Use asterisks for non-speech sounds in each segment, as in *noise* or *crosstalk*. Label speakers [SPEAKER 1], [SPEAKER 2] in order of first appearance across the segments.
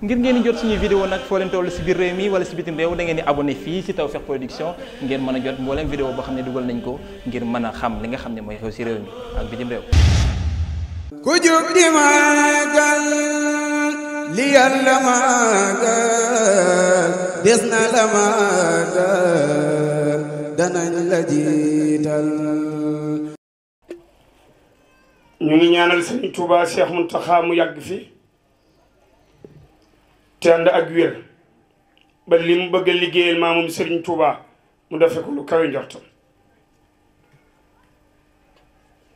[SPEAKER 1] ngir ngeen jot suñuy vidéo nag foo leen toll si biir réew mi wala si bitim réew da ngeen di abonné fii si Tawfekh Production ngeen mën a jot mbooleem vidéo boo xam ne dugal nañ ko ngir mën a xam li nga xam ne mooy xew si ak bitim réew
[SPEAKER 2] ku jóg di la maagal danañ la jiital ñu ngi ñaanal sëñ Touba Cheikh Mountakha mu yàgg fi te ak wér ba li mu bëgg a liggéeyal maamum Serigne Touba mu defe ko lu kawe njortam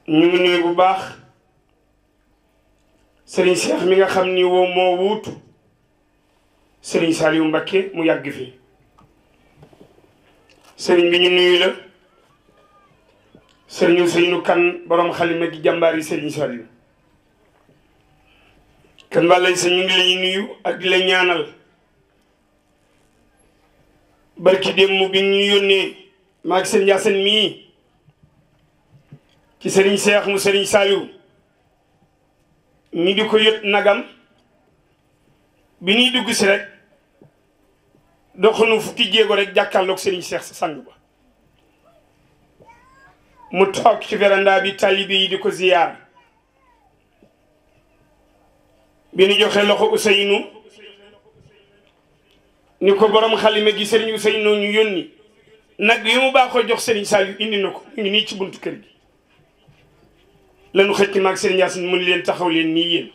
[SPEAKER 2] ñu ngi nuyu bu baax sëriñ Cheikh mi nga xam ni woo moo wuutu Serigne Saliou Mbacké mu yàgg fi sëriñ bi ñu nuyu la Serigne Ousseynou Kane borom xalima gi jàmbaari Serigne Saliou kan ba lañ sa ñu ngi lay nuyu ak di la ñaanal barki démb bi ñu yónnee maag sëriñ Yaasin mii ci sëriñ Seex mu sëriñ Saliou ñu di ko yët nagam bi ñuy dugg si rek doxanu fukki jéego rek jàkkaarloog sëriñ Seex sa sang ba mu toog ci véranda bi taalibe yi di ko ziyaar bi ñu joxe loxo Ousseynou ni ko boromu xalima gi Serigne Ousseynou ñu yónni nag yi mu baaxoo jox Serigne Saliou indi na ko mu ngi nii ci buntu kër gi lanu xëcc maag Serigne Yacine mu leen taxaw leen nii yéen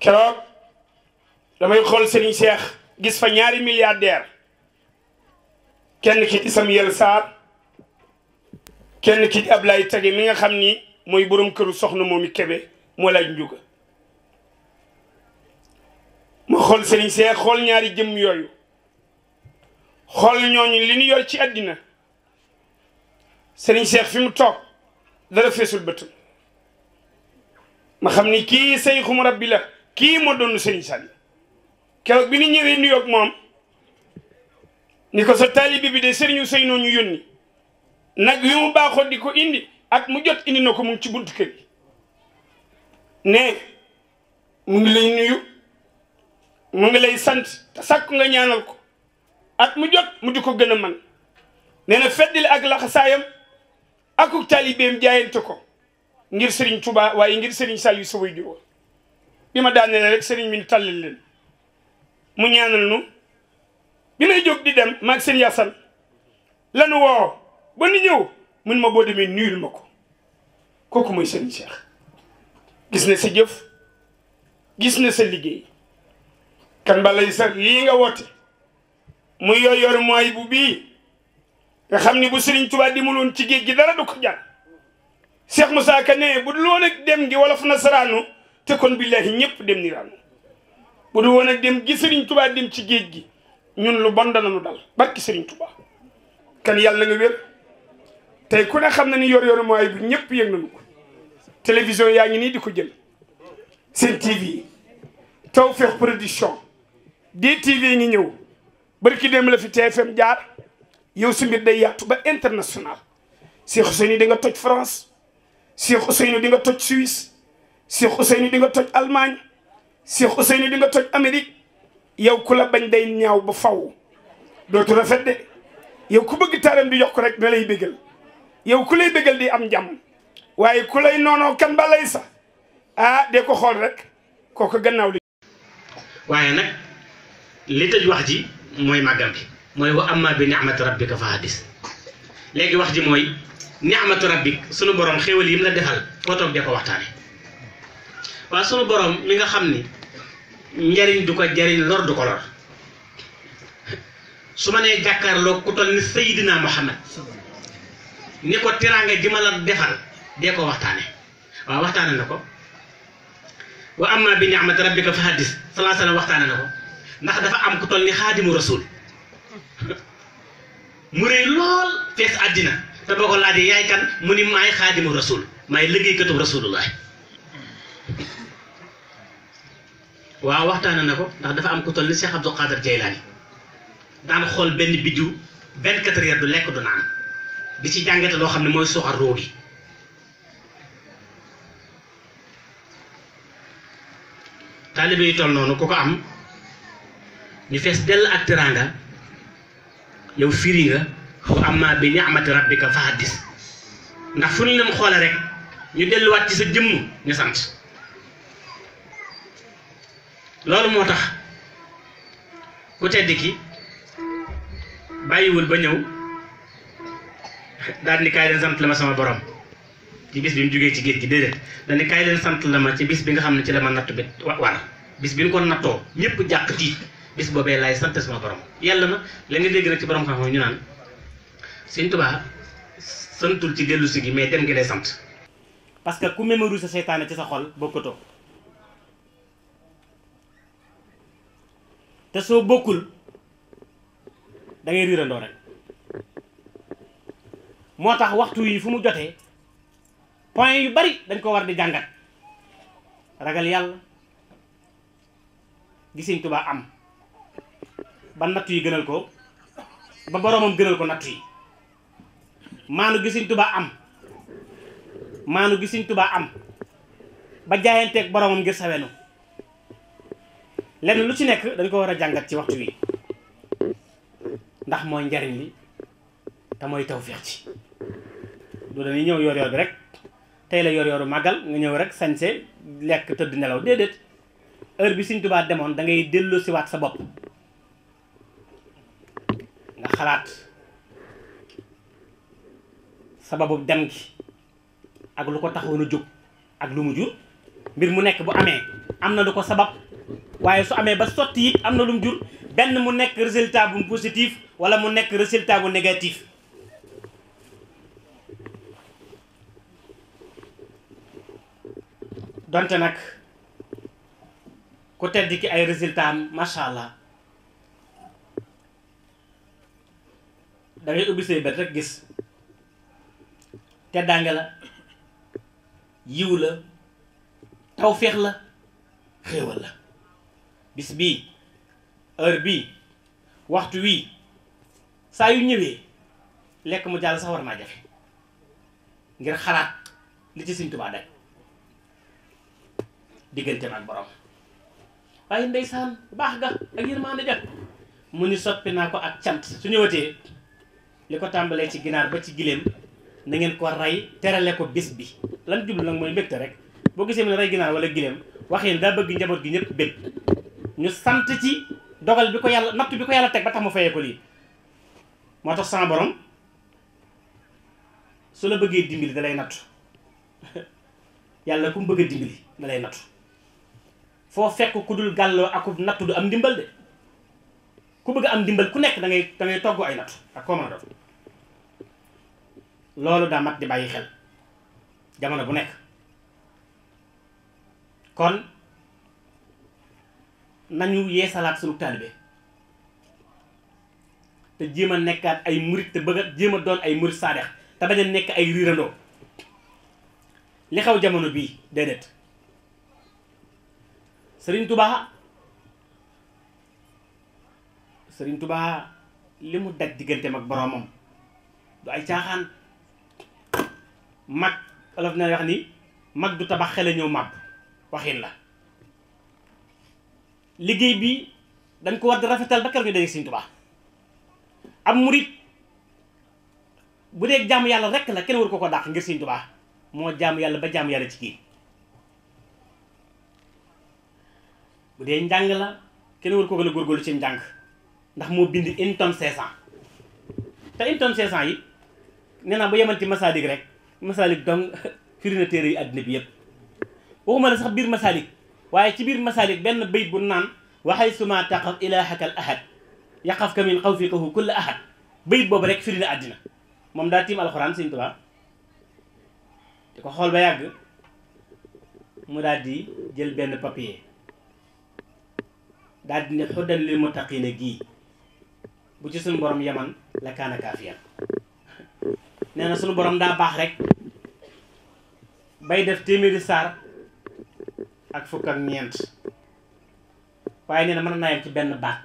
[SPEAKER 2] keroog damay xool Serigne Cheikh gis fa ñaari milliardaire kenn ki di Samuel Sarr kenn ki di Ablaye Tage mi nga xam ni mooy borom këru soxna moomi kebe moo laaj njuga ma xool sëriñ see xool ñaari jëmm yooyu xool ñooñu li ñu yor ci àddina sëriñ seex fi mu toog dara feesul bëtëm ma xam ni kii sayxum rabbi la kii moo doon sëriñ Saliou keroog bi ñu ñëwee New York moom ni ko sa taalibe bi de sëriñu sëy noo ñu yónni nag yu mu baaxoo di ko indi at mu jot indi na ko mu ci buntu kër gi ne mu ngi lay nuyu mu ngi lay sant te sàkku nga ñaanal ko at mu jot mu di ko gën a man nee na feddali ak laxasaayam akuk taalibeem jaayante ko ngir Serigne Touba waaye ngir Serigne Saliou sa way juró bi ma daanele rek Serigne mi tàllal leen mu ñaanal nu bi may jóg di dem maag seen yasan lanu woo ba nu ñëw mun ma boo demee nuyul ma ko kooku mooy sëriñ Cheikh gis na sa jëf gis na sa liggéey kan ba lay sa lii nga woote mu yor yor mooy bu bii nga xam ni bu sëriñ Tuubaa di muloon ci géej gi dara du ko jàll Cheikh ma Ka ne bu dul woon dem gi wala fu nasaraanu te kon billaahi ñëpp dem ni raanu bu dul woon ak dem ci géej gi ñun lu bon dana nu dal barki sëriñ Tuubaa kan yàlla na nga wér tey ku ne xam na ni yor-yoru mooy bi ñëpp yëg nañu ko télévision yaa ngi nii di ko jël seen TV Tawfekh Production DTV ngi ñëw barki dem la fi TFM jaar yow su mbir day yaatu ba international Cheikh Ousseynou di nga toj France Cheikh Ousseynou di nga toj Suisse Cheikh Ousseynou di nga toj Allemagne Cheikh Ousseynou di nga toj Amérique yow ku la bañ day ñaw ba faw dootu rafet de yow ku bëgg taram bi yokk rek na lay bégal yow ku lay bëggal di am jàmm waaye ku lay noonoo kan ba lay sa ah de ko xool rek kooku gannaaw li
[SPEAKER 1] waaye nag li tëj wax ji mooy màggal bi mooy wa amma bi ni'mati rabbika fa hadis léegi wax ji mooy ni'matu rabbik sunu borom xéwal yi mu la defal koo toog de ko waxtaane waaw sunu borom mi nga xam ni njariñ du ko jariñ lor du ko lor su ma nee jàkkaarloo ku toll ni Seydina Muhammad ni ko teraanga ji ma la defal dee ko waxtaane waaw waxtaane na ko wa amma bi ni'mati rabbika fa hadis salaa sallam waxtaane na ko ndax dafa am ku toll ni xaadimu rasul mu rëy te boo ko laajee yaay kan mu maay xaadimu rasul maay liggéeykatu waxtaane na ko ndax dafa am ku toll ni Cheikh Abdou Qadir Jeylaani daan xool benn biddiw benn quatre du lekk du naan bi ci jàngate loo xam ne mooy suuxar roo gi taalibe yu toll noonu ko ko am ñu fees dell ak teraanga yow firi nga wa amma bi ni'mati rabbika fa haddis ndax fu ñu leen xoole rek ñu delluwaat ci sa jëmm ñu sant loolu moo tax ku tedd ki bàyyiwul ba ñëw daal ni kaay leen sant la ma sama borom ci bis bi mu jógee ci géej gi déedéet dañ ni kaay leen sant la ma ci bis bi nga xam ne ci la ma natt bi war bis bi ñu ko nattoo ñëpp jàq tiit bis boobee laay sant sama borom yàlla na la nga dégg nag ci borom xam-xam ñu naan Sëñ Tuubaa santul ci dellu si gi mais dem ngi lay sant. parce que ku mémorise sa seytaane ci sa xol bokkatoo te soo bokkul da ngay riirandoo rek. moo tax waxtu yi fu mu jotee point yu bari dañ ko war di jàngat ragal yàlla gi Sëñ am ba nattu yi gënal ko ba boroomam gënal ko nattu yi maanu gi Sëñ am maanu gi tubaa Tuubaa am ba jaayanteeg boroomam ngir sawenu lenn lu ci nekk dañ ko war a jàngat ci waxtu wi ndax mooy njariñ li te mooy tawfeex ci du dañuy ñëw yor-yor bi rek tey la yor-yoru màggal nga ñëw rek sañse lekk tëdd nelaw déedéet heure bi Sëñ Tuubaa demoon da ngay delloo si waat sa bopp nga xalaat sababu dem gi ak lu ko taxoon a jóg ak lu mu jur mbir mu nekk bu amee am na lu ko sabab waaye su amee ba sotti it am na lu mu jur benn mu nekk résultat bu positif walla mu nekk résultat bu négatif donte nag ku tedd ki ay résultat am macha allah da ngay ubbi say bët rek gis teddaange la yiw la tawféex la xéewal la bis bi heure bi waxtu wii saa yu ñëwee lekk mu jàll sax war maa jafe ngir xalaat li ci Sëñ Tuubaa diggante nag borom waaye ndeysaan baax ga ak yërmande ja mu ni soppi naa ko ak cant su ñëwatee li ko tàmbalee ci ginaar ba ci gileem na ngeen ko rey terale ko bis bi lan jublu nag mooy mbégte rek boo gisee mu ne rey ginaar wala gileem waxee daa bëgg njaboot gi ñëpp bég ñu sant ci dogal bi ko yàlla natt bi ko yàlla teg ba tax mu fayee ko lii moo tax sama borom su la bëggee dimbali dalay nattu *laughs* yàlla ku mu bëgg a dimbali nattu foo fekk ku dul gàlloo akub natt du am ndimbal de ku bëgg am ndimbal ku nekk dangay ngay da ay natt ak koo a doon loolu daa mat di bàyyi xel jamono bu nekk kon nañu yeesalaat sunu taalibe te jéem a nekkaat ay murit te bëgg a jéem doon ay murit saadex te bañ a nekk ay riirandoo li xaw jamono bii déedéet sëriñ tubaa sëriñ tubaa li mu daj digganteem ak boroomam du ay caaxaan mag olof na wax ni mag du tabax xele ñëw màbb waxin la liggéey bi dañ ko war di rafetal ba keroog ñu daje sëriñ tubaa am murit bu dee jaamu yàlla rek la kenn waru ko ko dàq ngir sëriñ tubaa moo jàmm yàlla ba jaamu yàlla ci kii bu dee njàng la kenn war ko gën a góorgóorlu ci njàng ndax moo bind une tonne cinq cent te une tonne yi nee naa ba yemal ci masaalik rek masaalik dong *laughs* firi na yi àddina bi yëpp waxuma la sax biir masaalik waaye ci biir masaalik benn bayit bu naan wax waxay suma taqaf ilaahaka al ahad yaqaf ka min xawfiqahu kulla ahad bayit boobu rek firi àddina moom daa tiim alxuraan sëñ Tuubaa di ko xool ba yàgg mu daal di jël benn papier daal di ne xudan lil muttaqina gii bu ci suñu borom yaman la kaana kaafiyan nee na suñu borom daa baax rek bay def téeméeri saar ak fukk ñeent waaye nee na mën naa yem ci benn baax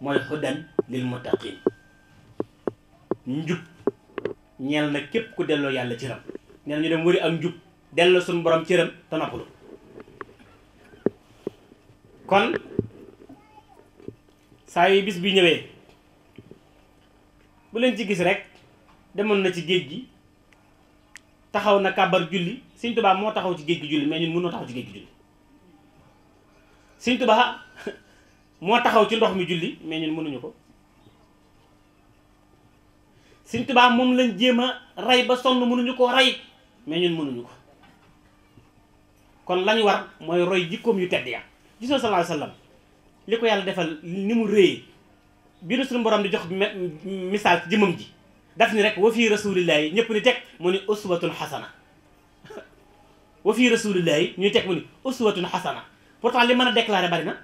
[SPEAKER 1] mooy xudan lil muttaqin njub ñeel na képp ku delloo yàlla cëram nee na ñu dem wëri ak njub delloo suñu borom cëram te kon saa yi bis bi ñëwee bu leen ci gis rek demoon na ci géej gi taxaw na kàbbar julli Sëñ Tuubaa moo taxaw ci géej gi julli mais mënoo taxaw ci géej gi julli *laughs* moo taxaw ci ndox mi julli mais ñun mënuñu ko Sëñ Tuubaa moom lañ jéem a rey ba sonn mënuñu ko rey mais ñun mënuñu ko kon lañu war mooy roy jikkoom yu tedd ya gisoo sallallahu alayhi li ko yàlla defal ni mu rëy bi nu suñu borom di jox misaal ci jëmmam ji daf ni rek wa fii rasulillahi ñëpp ni teg mu ni uswatun xasana *laughs* wa fii rasulillahi ñuy teg mu ni uswatun xasana pourtant li mën a déclaré bari na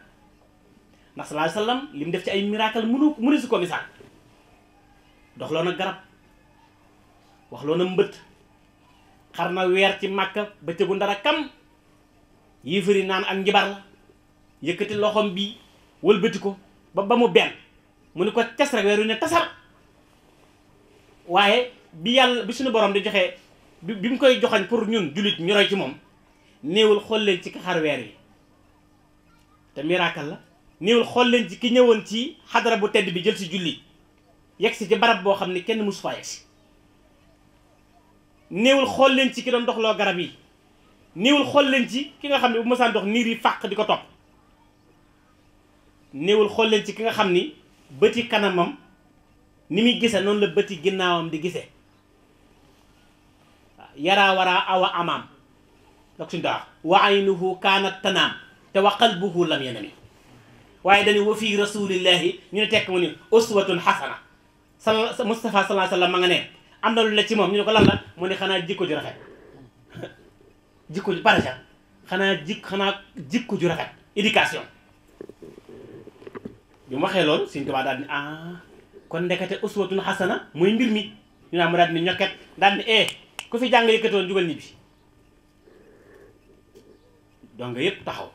[SPEAKER 1] ndax sallallahu wasallam li mu def ci ay miracle mënu mënu si ko misaal dox loo na garab wax loo na mbëtt xar na weer ci màkka bëccëgu ndara kam yiifari naan ak njibar la yëkkati loxom bi wëlbati ko ba ba mu benn mu ne ko tes rek weer wi ne tasar waaye bi yàlla bi suñu borom di joxe bi bi mu koy joxañ pour ñun jullit ñu roy ci moom néewul xool leen ci xar weer yi te miracle la néewul xool leen ci ki ñëwoon ci xadara bu tedd bi jël ci jullit yegg si ci barab boo xam ne kenn musu faa yegg néewul xool leen ci ki doon doxloo garab yi néewul xool leen ci ki nga xam ne bu mësaan dox niir yi fàq di ko topp néewul xool leen ci ki nga xam ni bëti kanamam ni muy gise noonu la bëti ginnaawam di gise yaraa waraa awa amaam ndox suñu wa aynuhu kaanat tanaam te wa qalbuhu lam yanami waaye dañu wa fii rasulillahi ñu ne tekk mu ni uswatun xasana sal Mustafa sallallahu ma nga ne am na lu la ci moom ñu ne ko lan la mu ne xanaa jikko ju rafet *laughs* jikko ju paraja xanaa xanaa jikko ju rafet éducation bi mu waxee loolu Sëñ Tuubaa daal ni ah kon ndekete uswatun xasana mooy mbir mi ñu naa mu daal ni ñokket daal ni eh ku fi jàng yëkkatoon jugal ñibbi donc yëpp taxaw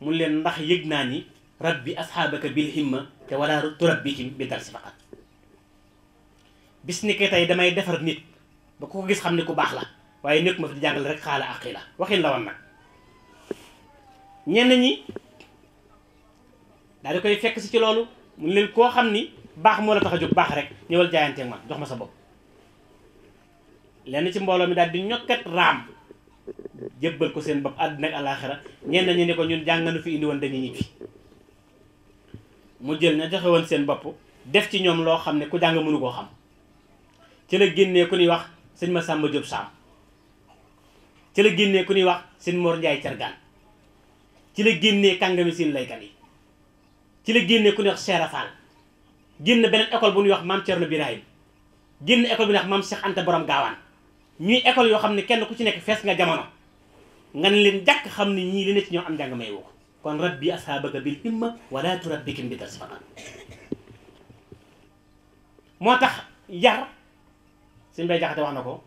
[SPEAKER 1] mu leen ndax yëg naa ni rabbi asxaabaka bil himma te wala turabbihim bi dar si faqat damay defar nit ba ku ko gis xam ne ku baax la waaye nekk ma fi di jàngale rek xaala ak xii la waxin la woon nag ñenn ñi daal di koy fekk si ci loolu mu leen koo xam ni baax moo la tax a jóg baax rek ñëwal jaayanteeg man jox ma sa bopp lenn ci mbooloo mi daal di ñokkat raam jébbal ko seen bopp àddina ak alaaxira ñenn ñi ne ko ñun jànganu fi indi woon dañuy ñibbi mu jël ña joxe woon seen bopp def ci ñoom loo xam ne ku jàng mënu koo xam ci la génnee ku nuy wax sëñ Massamba Diop Sam ci la génnee ku ñuy wax sëñ Mor Ndiaye Cargaan ci la génnee kàngami seen laykat yi ci la génne ku ne wax Cheikh Rafal génn beneen école bu ñuy wax maam Thierno Birahim génn école bi ñuy wax maam Cheikh Anta borom gaawaan ñuy école yoo xam ne kenn ku ci nekk fees nga jamono nga ne leen jàkk xam ne ñii li ne ci ñoo am njàng may woo kon rabbi asaabaka bil imma wala turabbikim bi dars faqat moo tax yar suñ bay wax na ko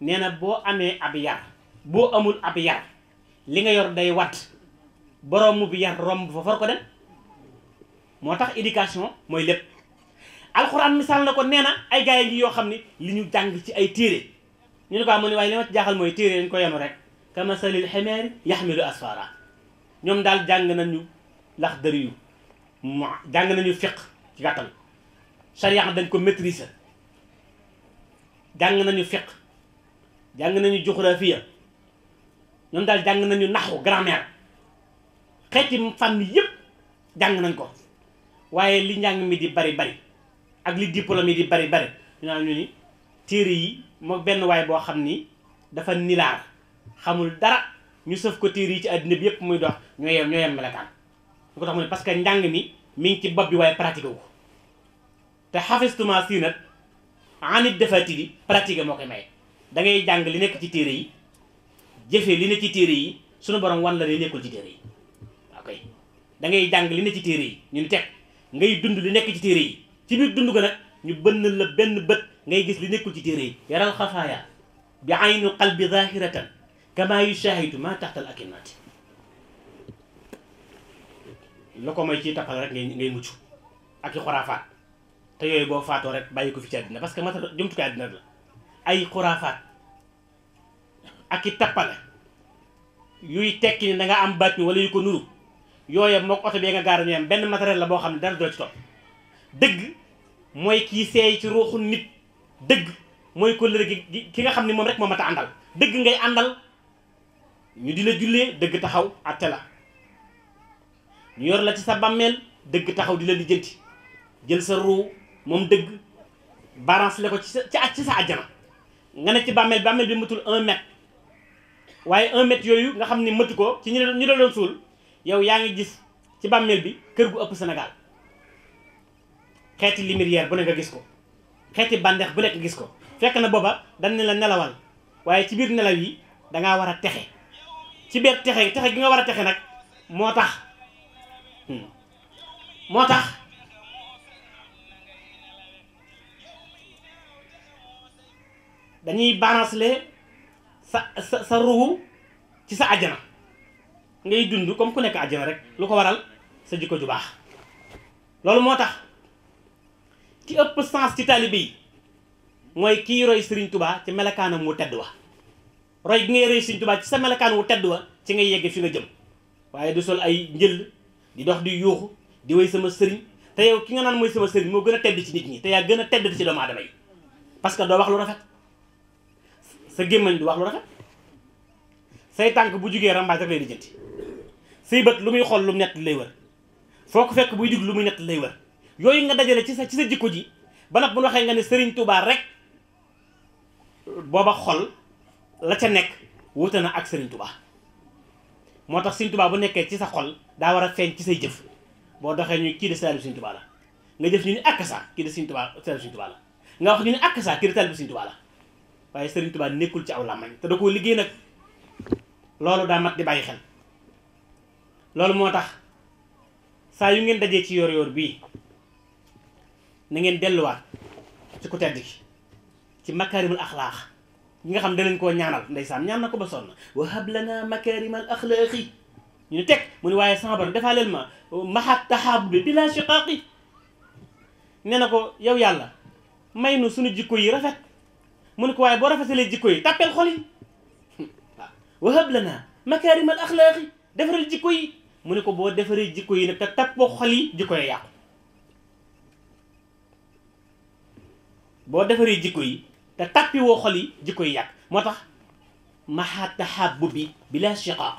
[SPEAKER 1] nee na boo amee ab yar boo amul ab yar li nga yor day wat boroomu bi yar romb fa far ko dem moo tax éducation mooy lépp alxuraan misaal na ko nee na ay gars yi yoo xam ne li ñu jàng ci ay téere ñu ne ko am mu waaye li ma ci jaaxal mooy téere dañ ko yenu rek kamasalil ximeeri yaxmilu asfara ñoom daal jàng nañu lax dëri yu mu jàng nañu fiq dañ ko maîtriser jàng nañu fiq jàng nañu géographie ñoom daal jàng nañu naxu grammaire xeeti fànn yëpp jàng nañ ko waaye li njàng mi di bari bari ak li diplôme yi di bari bari ñu naan ñu ni téere yi moo benn waay boo xam ni dafa nilaar xamul dara ñu sëf ko téere yi ci àddina bi yëpp muy dox ñoo yem ñoo yem melekaan lu ko tax mu ne parce que njàng mi mi ci bopp bi waaye pratiqué wu te xafistuma sii nag anit defati bi pratiqué moo koy maye da ngay jàng li nekk ci téere yi jëfe li ne ci téere yi sunu borom wan la ne nekkul ci téere yi ok da ngay jàng li ne ci téere yi ñu ni ngay dund li nekk ci téere yi ci biir dund ko nag ñu bënn la benn bët ngay gis lu nekkul ci téere yi yaral xafaaya bi aynu qalbi zahiratan kama yushahidu ma taxtal akinati la ko may ci tappal rek ngay ngay mucc ak i xuraafaat te yooyu boo faatoo rek bàyyi ko fi ci àddina parce que mata jumtukaay àddina la ay xuraafaat ak i tappale yuy tekki ni da am baat mi wala yu ko nuru yooya moog oto bee nga gaara ñooyam benn matériel la boo xam ne dara doo ci topp dëgg mooy kii seey ci ruuxu nit dëgg mooy kóllëre gi ki nga xam ne moom rek moo mat a àndal dëgg ngay àndal ñu di la jullee dëgg taxaw atte la ñu yor la ci sa bàmmeel dëgg taxaw di la lijjanti jël sa ruu moom dëgg balance le ko ci sa ci sa àjjana nga ne ci bàmmeel bàmmeel bi matul un mètre waaye un mètre yooyu nga xam ne matu ko ci ñu la doon suul yow yaa ngi gis ci bàmmeel bi kër gu ëpp senegal xeeti lumière bu ne gis ko xeeti bàndeex bu nekk gis ko fekk na booba dañ ne la nelawal waaye ci biir nelaw yi dangaa war a texe ci biir texe texe gi nga war a texe nag moo tax hmm. moo tax dañuy balancele sa sa sa ruuhu ci sa àjjana ngay dund comme ku nekk àjjana rek lu ko waral sa jikko ju baax loolu moo tax ki ëpp sens ci taalibe yi mooy kii roy Serigne tubaa ci melakaanam wu tedd wa roy gi ngay roy Serigne Touba ci sa melakaan wu tedd wa ci ngay yegg fi nga jëm waaye du sol ay njël di dox di yuuxu di way sama sëriñ te yow ki nga naan mooy sama sëriñ moo gën a tedd ci nit ñi te yaa gën a tedd ci doomu aadama yi parce que doo wax lu rafet sa gémmañ du wax lu rafet say tànk bu jugee rambaaj rek lay di say bët lu muy xool lu mu nett lay wër foo ko fekk buy dig lu muy nett lay wër yooyu nga dajale ci sa ci sa jikko ji ba nag bu ñu waxee nga ne Serigne Touba rek booba xol la ca nekk wute na ak Serigne Touba moo tax Serigne Touba bu nekkee ci sa xol daa war a feeñ ci say jëf boo doxee ñu kii de taalibu Serigne Touba la nga jëf ñu ni ak sa kii de Serigne Touba taalibu Serigne la nga wax ñu ni ak sa kii de taalibu Serigne Touba la waaye Serigne Touba nekkul ci aw làmmañ te da koo liggéey nag loolu daa mat di bàyyi xel. loolu moo tax saa yu ngeen dajee ci yoor yoor bii na ngeen delluwaat ci ku tedd gi ci makaarimul axlaax ñi nga xam da leen koo ñaanal ndeysaan ñaan na ko ba sonn wahab lana makaarimal axlaaqi ñu teg mu ne waaye sama borom defaaleel ma maxaat bi bila shiqaaqi nee na ko yow yàlla may nu suñu jikko yi rafet mu ne ko waaye boo rafetalee jikko yi tàppeel xol yi *laughs* waaw wahab lana makaarimal axlaaqi defaral jikko yi mu ne ko boo defaree jikko yi nag te tappoo xol yi jikko yi yàqu boo defaree jikko yi te tappi woo xol yi jikko yi yàqu moo tax maxa bu bi bila shiqaaq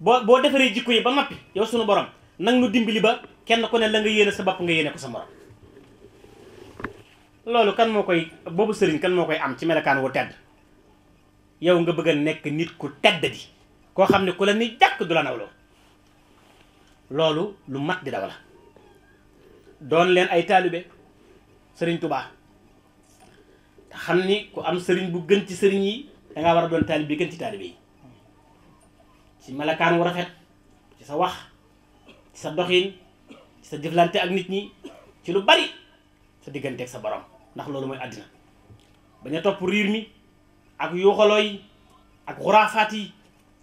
[SPEAKER 1] boo boo defaree jikko yi ba noppi yow sunu borom nag nu dimbali ba kenn ku ne la nga yéene sa bopp nga yéene ko sa morom loolu kan moo koy boobu sëriñ kan moo koy am ci melokaan wu tedd yow nga bëgg a nekk nit ku tedd di koo xam ne ku la ni jàkk du la nawloo loolu lu mat di daw la doon leen ay taalibe sëriñ tubaa te xam ni ku am sëriñ bu gën ci sëriñ yi dangaa war a doon taalibe gën ci taalibe yi ci malakaan wu rafet ci sa wax ci sa doxin ci sa jëflante ak nit ñi ci lu bari sa digganteeg sa borom ndax loolu mooy àddina bañ a topp riir mi ak yuuxaloo yi ak xuraafaat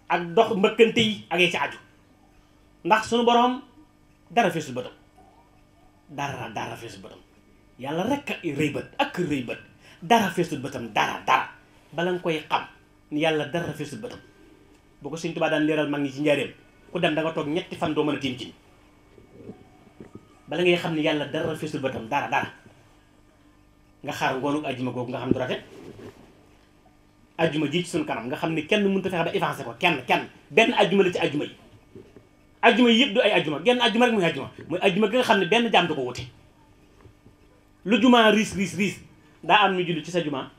[SPEAKER 1] ak dox mbëkkante yi ak yi ci aju ndax sunu boroom dara feesul bëtam dara dara feesul bëtam yàlla rek a ak rëy bët dara bëtam dara dara bala nga koy xam ni yàlla dara feesul bëtam boo ko Sëñ Tuubaa daan leeral mag ñi ci njaareem ku dem da toog ñetti fan doo mën a tiim ci bala ngay xam ni yàlla dara feesul bëtam dara dara nga xaar ngoonu ajjuma googu nga xam du rate ajjuma ji ci sunu kanam nga xam ni kenn mënut a fexe ba évancé ko kenn kenn benn ajjuma la ci ajjuma yi ajjuma yëpp du ay ajjuma genn ajjuma rek mooy ajjuma mooy ajjuma gi nga xam ne benn jaam du ko wute lu juma riis riis daa am ñu julli ci sa juma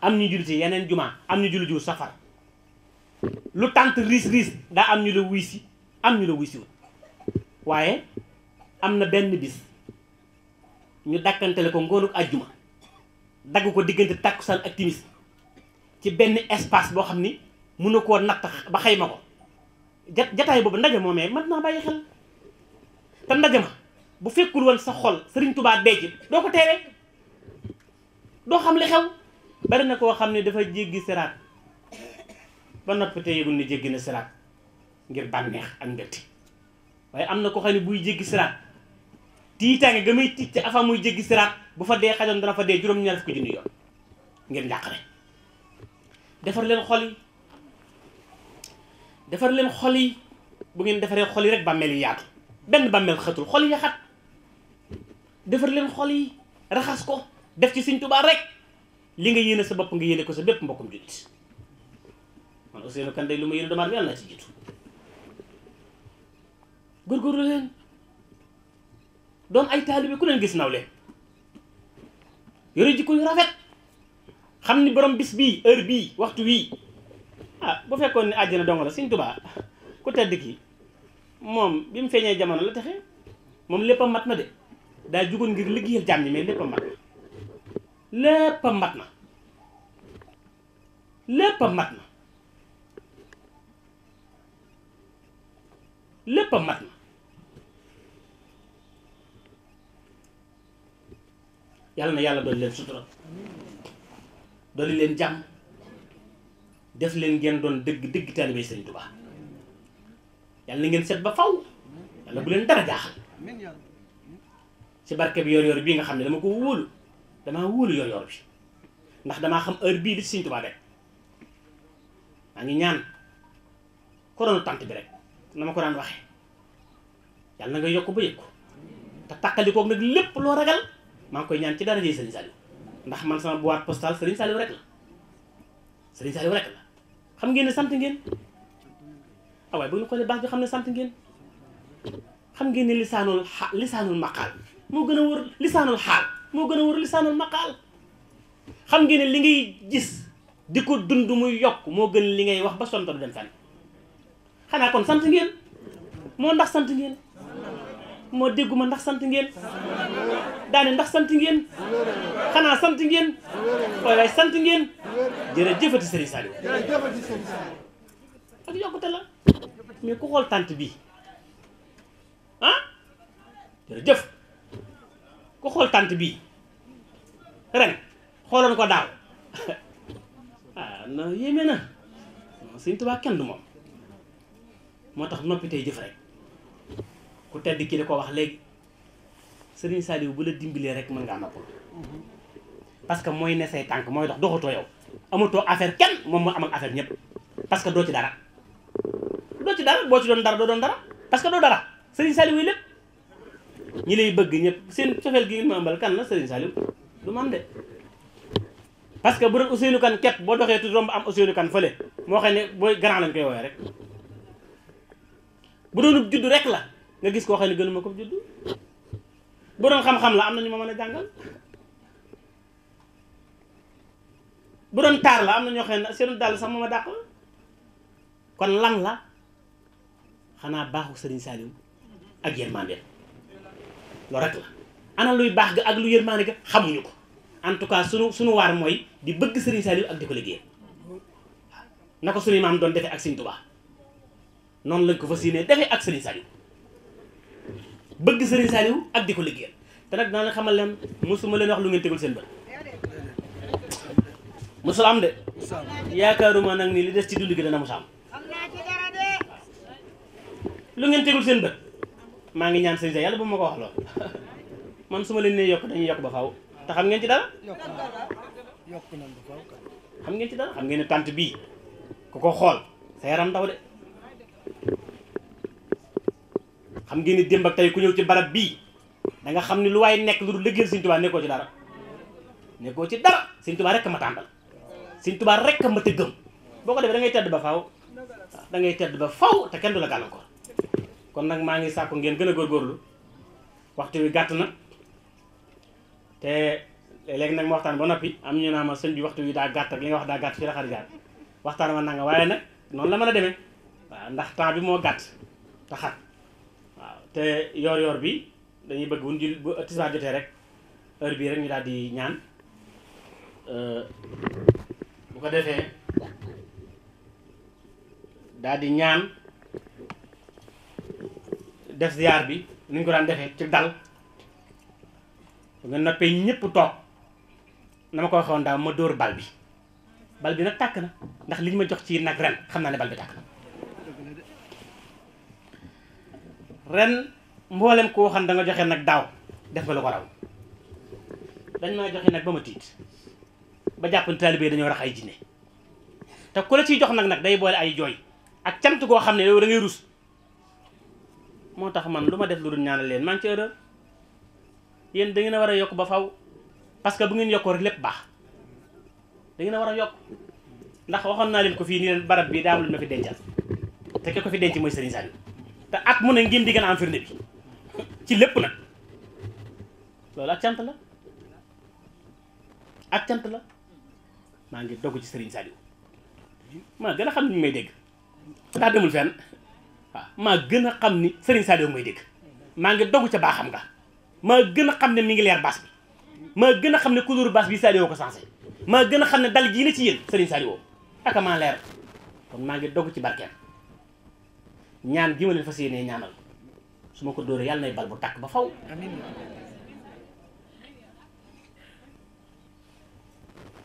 [SPEAKER 1] am ñu julli yeneen juma am ñu julli jiw safar lu tànt riis riis daa am ñu la wuy si am ñu la wuy si waaye am na benn bis ñu dakkantele ko ngoonuk ajjuma dagg ko diggante tàkkusaan ak timis ci benn espace boo xam ni mun na koo natt ba xayma ko jat jataay boobu ndaje moomee man naa bàyyi xel te ndaje ma bu fekkul woon sa xol sëriñ tubaa deej doo ko teewee doo xam li xew bari na koo xam ne dafa jéggi siraat ba noppi te yëgul ne jéggi na bànneex ak ngëtti waaye am na ko xam ne buy jéggi siraat tiitaange ga muy tiit ci afa muy jéggi siraat bu fa dee xajoon dana fa dee juróom-ñaar fukki junni yoon ngir njàqare defar leen xol defar leen xol yi bu ngeen defaree xol yi rek bàmmeel yi yaatu benn bàmmeel xatul xol yi xat defar leen xol yi raxas ko def ci Sëñ Tuubaa rek li nga yéene sa bopp nga yéene ko sa bépp mbokkum jullit man Ousseynou Kane day lu ma yéene doomu aadama yàlla naa jiitu góorgóorlu leen doon ay taalibe ku leen gis naw leen yore jikko yu rafet xam ni borom bis bii heure bii waxtu wii ah bu fekkoon ne àjjana dong la Sëñ Tuubaa ku tedd ki moom bi mu feeñee jamono la texe moom lépp a mat na de daa jugoon ngir liggéeyal jàmm ñi mais lépp a mat na lépp a mat na lépp a mat na yàlla na yàlla doon leen sutura dooli leen jàmm def leen ngeen doon dëgg dëgg taalibe Sëriñ Tuubaa yàlla na ngeen set ba faw yàlla bu leen dara jaaxal ci barke bi yoor yor bii nga xam ne dama ko wóolu damaa wóolu yor-yor bi ndax damaa xam heure bii di li Sëriñ Tuubaa rek maa ngi ñaan korona tant bi rek na ma ko daan waxe yàlla na nga yokk ba yëg ko te tàqalikoog nag lépp loo ragal maa ngi koy ñaan ci dara jëye Sëriñ Saliou ndax man sama boîte postale Sëriñ Saliou rek la Sëriñ Saliou rek la xam ngeen ne sant ngeen ah waaye bu ñu xoolee xam ne sant ngeen xam ngeen ne lisaanul xa lisaanul maqaal moo gën a wër lisaanul xaal moo gën a wër lisaanul maqaal xam ngeen ne li ngay gis di ko dund muy yokk moo gën li ngay wax ba sonta du dem fenn xanaa kon sant ngeen moo ndax sant ngeen moo dégguma ndax sant ngeen daane ndax sant ngeen xanaa sant ngeen waaye waaye sant ngeen jërëjëfati Serigne Saliou ak yokkute la ku xool tànt bi ah jërëjëf ku tànt bi ren xooloon ko daaw *laughs* ah na yéeme na Serigne Touba kenn du moom moo tax noppi tey jëf rek ku tedd ki la ko wax léegi sëriñ Saliou bu la dimbalee rek mën ngaa noppal parce que mooy ne say tànk mooy dox doxatoo yow amatoo affaire kenn moom moo amal affaire ñëpp parce que doo ci dara doo ci dara boo ci doon dara doo doon dara parce que doo dara sëriñ Saliou yi lépp ñi lay bëgg ñëpp seen cofeel gi ma ambal kan la sëriñ Saliou du ma de parce que bu doon Ousseynou Kane képp boo doxee tu romb am Ousseynou Kane fële moo xam ne booy grand lañ koy woowee rek bu doonub nga gis koo xam ne gënuma ko judd bu doon xam-xam la am na ñu ma mën a jàngal bu doon taar la am na ñoo xam ne dàll sax ma a dàq kon lan la xanaa baaxul sëriñ Saliou ak yërmande loolu rek la ana luy baax ga ak lu yërmande ga xamuñu ko en tout cas sunu sunu waar mooy di bëgg sëriñ Saliou ak di ko liggéeyal na ko suñu maam doon defee ak sëriñ Tuubaa noonu lañ ko fas yéenee defee ak sëriñ Saliou bëgg sëriñ Saliou ak di ko liggéeyal te nag daanaka xamal leen mosuma leen wax lu ngeen tegul seen bët su am de yaakaaruma nag ni li des ci dund gi dana mos saam lu ngeen tegul seen bët maa ngi ñaan sëriñ Saliou yàlla bu ma ko wax lool *laughs* man su ma leen nee yokk dañuy yokk ba faw te xam ngeen ci dara xam ngeen ci dara xam ngeen tànt bii ku ko xool sa yaram daw de xam ngeen ni démb ak tey ku ñëw ci barab bii da nga xam ni lu waaye nekk lu dul liggéeyal Sëñ Tuubaa nekkoo ci dara nekkoo ci dara Sëñ Tuubaa rek ma tàmbal Sëñ Tuubaa rek ma te gëm boo ko defee da tedd ba faaw ah, da ngay tedd ba faw te kenn du la ko kon nag maa ngi sàkku ngeen gën a góorlu waxtu wi gàtt na te léegi nag ma waxtaan ba noppi am ñu naa ma sëñ bi waxtu wi daa gàtt bi li nga wax daa gàtt fii la xar jaar waxtaan ma nanga waaye nag noonu la demee ndax temps bi moo gàtt te te yor-yor bi dañuy bëgg bu ñu bu tisbaar jotee rek heure bii rek daal di ñaan euh, bu ko defee daal ñaan def ziar bi ni ñu ko daan defee ci dal nga noppee ñëpp toog na ma ko waxoon daaw ma dóor bal bi bal bi nag tàkk na ndax li ñu ma jox ci nag ren xam naa ne bal bi tàkk na. ren mboolem koo xam da nga joxe nag daaw def nga lu ko raw dañ maa joxe nag ba ma tiit ba jàpp ne taalibe dañoo rax ay jinne te ku la ciy jox nag nag day boole ay jooy ak cant koo xam ne yow da ngay rus moo tax man lu ma def lu dul leen maa ngi ci erreur yéen da ngeen a war a yokk ba faw parce que bu ngeen yokkoo rek lépp baax da ngeen war a yokk ndax waxoon naa leen ko fii nii leen barab bi daa am lu ma fi dencal te ke ko fi denc mooy Serigne Saliou te at mu ne ngeen di gën a am lépp nag loolu cant la ak cant la maa ngi dogg ci Serigne Saliou maa gën a xam ni ñu may dégg daa demul fenn waaw gën a xam ni Serigne Saliou may dégg maa ngi dogg ca baaxam nga maa gën a xam ne mi ngi leer baas bi maa gën a xam ne couleur baas bi Saliou ko sensé maa gën a xam ne dal jii na ci yéen Serigne Saliou aka maa leer kon maa ngi dogg ci barkeem ñaan gi ma leen fas yéenee ñaanal su ma ko dóoree yàlla nay bal bu tàkk ba faw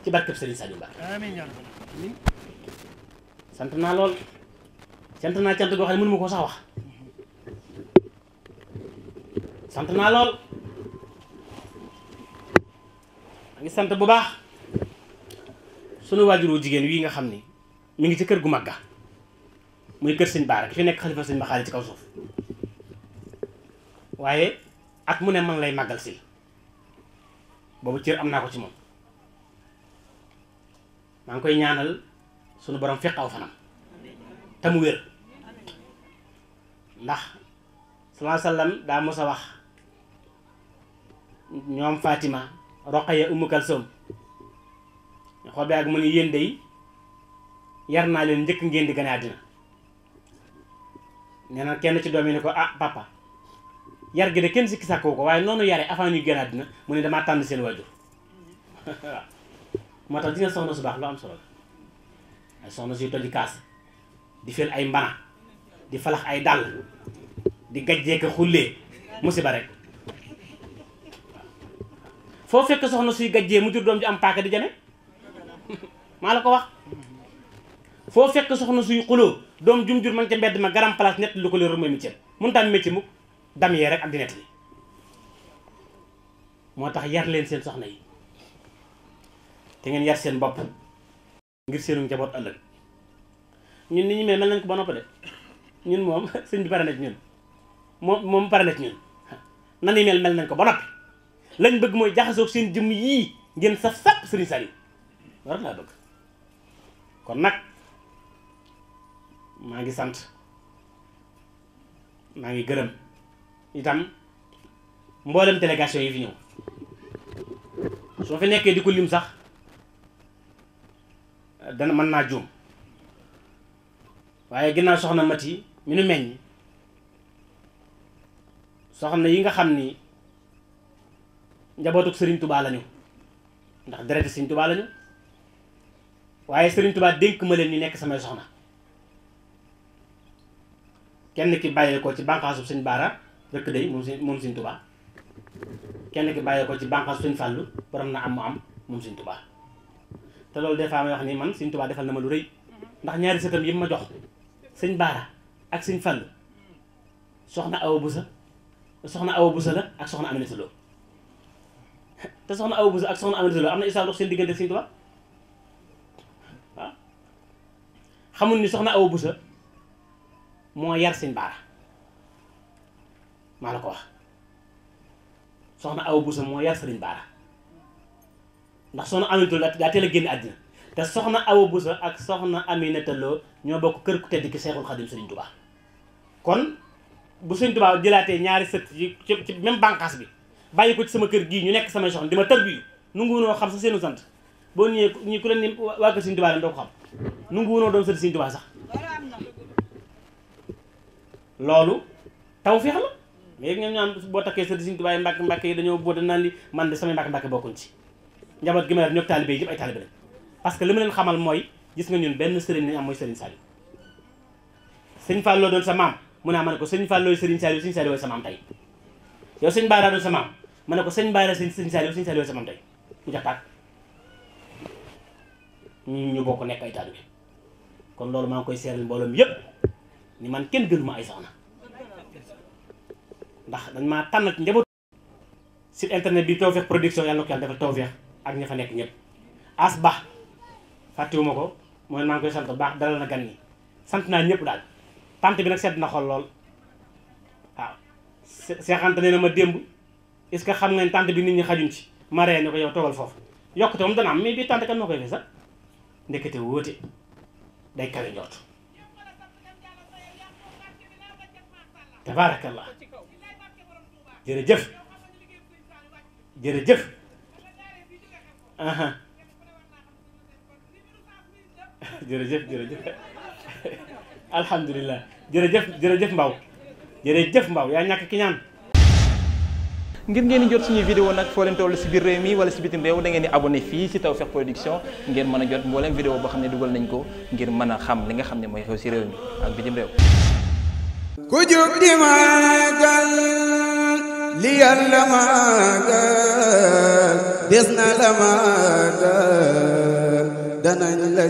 [SPEAKER 1] ci barkeb Serigne Saliou Mbacké sant naa lool sant naa cant goo xam ne mënu ma koo sax wax sant naa lool a ngi sant bu baax sunu waajuru jigéen wii nga xam ni mu ngi ci kër gu mag muy kër sëñ baara gi fi nekk xalifa sëñ maxaali ci kaw suuf waaye at mu ne man lay màggal si boobu cër am naa ko ci moom maa ngi koy ñaanal sunu borom fiq aw fanam te ndax salaa sallam daa mos a wax ñoom Fatima Roqaya Umu Kalsoom xool bi ak mu ne yéen day yar naa leen njëkk ngeen di gane àddina nee na kenn ci doom yi ni ko ah papa yar gi de kenn sikki sàkkoo ko waaye noonu yare avant ñuy gënaat dina mu ne damaa tànn seen waajur waaw *laughs* moo tax di soxna su baax lu am solo suy toj kaas di fel ay mbana di falax ay dàll di gajjeeka xullee musiba rek foo fekk soxna suy gajjee mu jur doom ju am paaka di jame *laughs* maa la ko wax foo fekk soxna suy xuloo doom jum jur ma nga ca mbedd ma garam place nett lu ko leer mooy métier mun taam métier mukk dam yee rek ak di nett li moo tax yar leen seen soxna yi te ngeen yar seen bopp ngir seenu njaboot ëllëg ñun ni ñu mel mel nañ ko ba noppale ñun moom *laughs* sëñ bi pare na ci moom moom pare na mel mel nañ ko ba noppi lañ bëgg mooy jaxasoog seen jëmm yii ngeen sa sap sëriñ sari war laa bëgg kon nag maa ngi sant maa ngi gërëm itam mboolem délégation yi fi ñëw soo fi nekkee di ko lim sax dana mën naa juum waaye ginnaaw soxna mat yi mi nu meññ soxna yi nga xam ni njabootuk sëriñ tubaa lañu ndax dereti sëriñ tubaa lañu waaye sëriñ tubaa dénk ma leen ñu nekk samay soxna kenn ki bàyyeekoo ci bànqaasu sëñ Baara rëkk day moom sëñ moom sëñ kenn ki bàyyeekoo ci bànqaasu sëñ Fàllu borom na am mu am moom sëñ Tuubaa te loolu de fois ma wax ni man sëñ Tuubaa defal na ma lu rëy ndax ñaari sëtam yi ma jox sëñ Baara ak sëñ Fàllu soxna Awa Busa soxna Awa Busa la ak soxna Aminata te soxna Awa Busa ak soxna Aminata Lo am na histoire dox seen diggante sëñ Tuubaa waaw xamul ni soxna Awa Busa moo yar sëñ baara maa la ko wax soxna aw busa moo yar sëriñ baara ndax soxna aminata loo daa teel a génn àddina te soxna aw busa ak soxna aminata loo ñoo bokk kër ku tedd ki seexul xadim sëriñ tubaa kon bu sëriñ tubaa jëlaatee ñaari sët ci ci même bànqaas bi bàyyi ko ci sama kër gii ñu nekk samay soxna di ma tër bi nungu wunoo xam sa seenu sant boo ñëwee ñi ku leen ni waa kër sëriñ tubaa leen doo ko xam nungu wunoo doon sëti sëriñ tubaa sax loolu tawfeex la mais yëpp ñoom ñaan boo takkee sëriñ Sëriñ Tuubaa mbàkk mbàkk yi dañoo boote naan li man de samay mbàkk mbàkk bokkuñ ci njaboot gi ma yor ñoom taalibe yi yëpp ay taalibe lañ parce que li ma leen xamal mooy gis nga ñun benn sëriñ lañ am mooy sëriñ Saliou sëriñ Fallou doon sa mu ne ah ma ne ko sëriñ Fallou sëriñ Saliou sëriñ Saliou sa maam tey yow sëriñ Baara doon sa maam ma ne ko sëriñ Baara sëriñ Saliou sëriñ Saliou sa maam tey mu jax taat ñu bokk nekk ay taalibe kon loolu maa ngi koy seeral mbooloo mi yëpp ni man kenn gënuma ay soxna ndax dañ maa tànnal njaboot si internet bi Tawfekh Production yàlla na ko yàlla defal Tawfekh ak ña fa nekk ñëpp as baax fàttewuma ko mooy naa ngi koy sant baax dalal na gan ñi sant naa ñëpp daal tant bi nag sedd na xol lool waaw seexante nee na ma démb est ce que xam nga ne tant bi nit ñi xajuñ ci ma ree ne ko yow toogal foofu yokkute moom dana am mais bii tant kan moo koy fi sax ndekkete wóote day kawe njort tabaarakallah jërëjëf jërëjëf aha jërëjëf jërëjëf alhamdulilah jërëjëf jërëjëf Mbaw jërëjëf Mbaw yaa ñàkk ki ñaan ngir ngeen di jot suñuy vidéo nag foo leen toll si biir réew mi wala si bitim réew da ngeen di abonné fii si Tawfekh Production ngeen mën a jot mbooleem vidéo boo xam ne dugal nañ ko ngir mën a xam li nga xam ne mooy xew si réew mi ak bitim réew
[SPEAKER 2] ku jug di màggal li Yàlla màggal des na la màggal danañ la